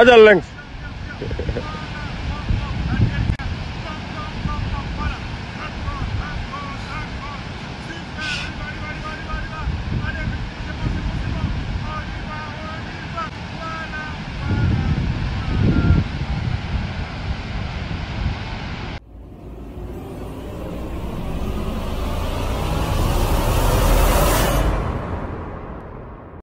ajal leng